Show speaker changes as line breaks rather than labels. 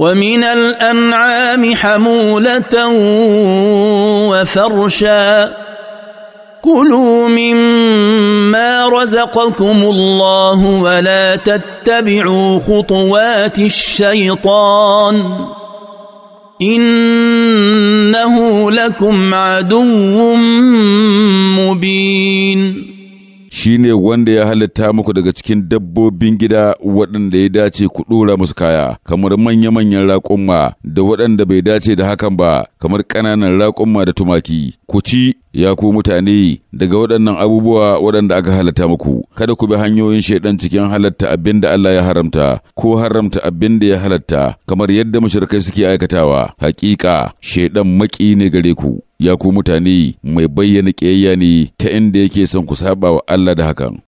ومن الانعام حموله وفرشا كلوا مما رزقكم الله ولا تتبعوا خطوات الشيطان انه لكم
عدو مبين
Shi ne wanda ya halitta muku daga cikin dabbobin gida waɗanda ya dace ku ɗora musu kaya kamar manya-manyan raƙumma da waɗanda bai dace da hakan ba kamar ƙananan raƙumma da tumaki ku ci ya ku mutane daga waɗannan abubuwa waɗanda aka halatta muku kada ku bi hanyoyin shaidan cikin halatta abin da Allah ya haramta ko haramta abin da ya halatta kamar yadda mashirkai suke aikatawa hakika shaidan maki ne gare ku ya ku mutane mai bayyana ƙiyayya ne ta inda yake son ku saba wa Allah da hakan.